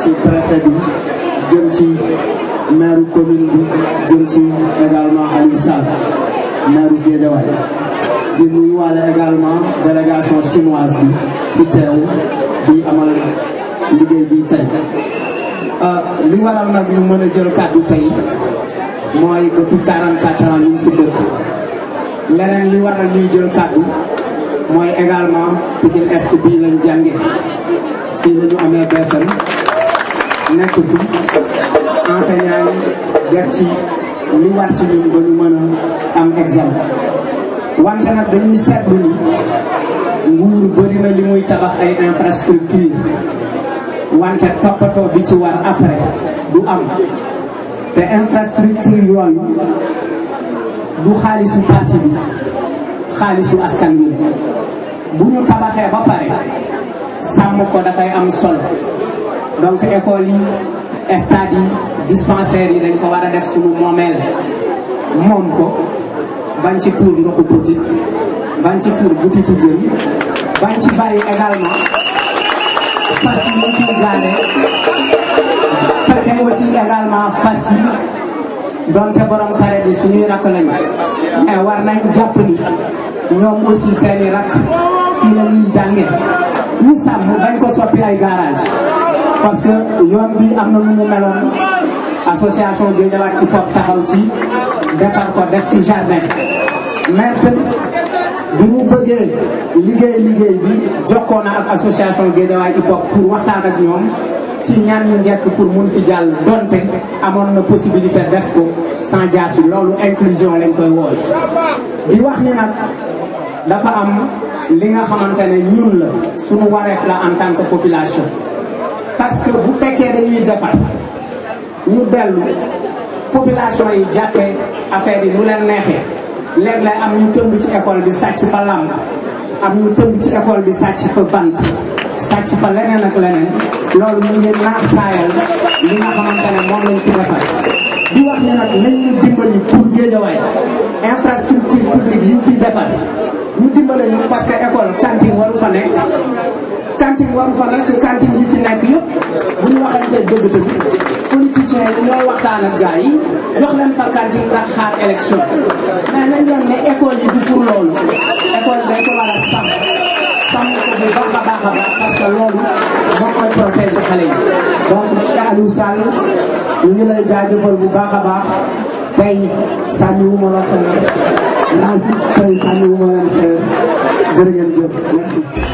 ci préfet bi jëm ci maire commune bi jëm ci également Aliou Sall maire Guédiawaye di nuyuwaale également délégation chinoise bi fi bi amal liggéey bi tey ah, li waral nag ñu mën a jël kàddu tey mooy depuis 44 ans ñu fi dëkk leneen li waral ñuy jël kàddu mooy également Pikine Est bii lañ jàngee fii la ñu amee BFM nekk fi enseignant yi def ci war ci ñun ba ñu mën am examen wante nag dañuy seetlu ni nguur bëri li muy tabax ay infrastructure wante toppatoo bi ci war après du am te infrastructure yooyu du xaalisu parti bi xaalisu askan bi bu ñu tabaxee ba pare sàmm ko dafay am sol donc école yi stade yi dispensaires yi dañ ko war a def suñu moomeel moom ko bañ ci tuur ndoxu butit bañ ci tuur butitu jën bañ ci bàyyi également fas yi ñu ciy gaale fas yi donte borom saret yi suñuy rakk lañu mais war nañ jàpp ni ñoom aussi seeni rakk fii la ñuy ñu sàmm bañ ko soppi ay garage parce que yoon bi am na lu mu meloon association Guédiawaye ak hip hop taxaw ci defar ko def ci jardin maître bi mu bëggee liggéey liggéey bi jokkoo na ak association Guédiawaye hip hop pour waxtaan ak ñoom ci ñaan ñu njëkk pour mun fi jàll donte amoon na possibilité def ko sans jaar si loolu inclusion lañ koy wool di wax ni nag dafa am li nga xamante ne ñun la suñu wareef la en tant que population parce que bu fekkee dañuy defar ñu dellu population yi jàppee affaire yi mu leen neexee léeg-léeg am ñu tëmb ci école bi sàcc fa làmp am ñu tëmb ci école bi sàcc fa bant sàcc fa leneen ak leneen loolu mu ngi naax saayal li nga xamante ne moom lañ fi defar di wax ne nag nañ ñu dimbali pour géejawaay infrastructure publique yi ñu fiy defar ñu dimbale ñu parce que école cantine waru fa nekk cantine yi fi nekk yëpp bu ñu waxantee dëgg dëgg politiciens yi ñooy waxtaan ak gars yi jox leen fa cantine ndax xaar élection mais nañ leen ne école yi du pour loolu école day ko war a sàmm sàmm ko bu baax a baax a baax loolu moo koy protéger xale yi donc Aliou Sall ñu ngi lay jaajëfal bu baax a baax tey sànni wu ma la xeer naa si tey sànni wu ma leen xeer jërë ngeen jëf merci.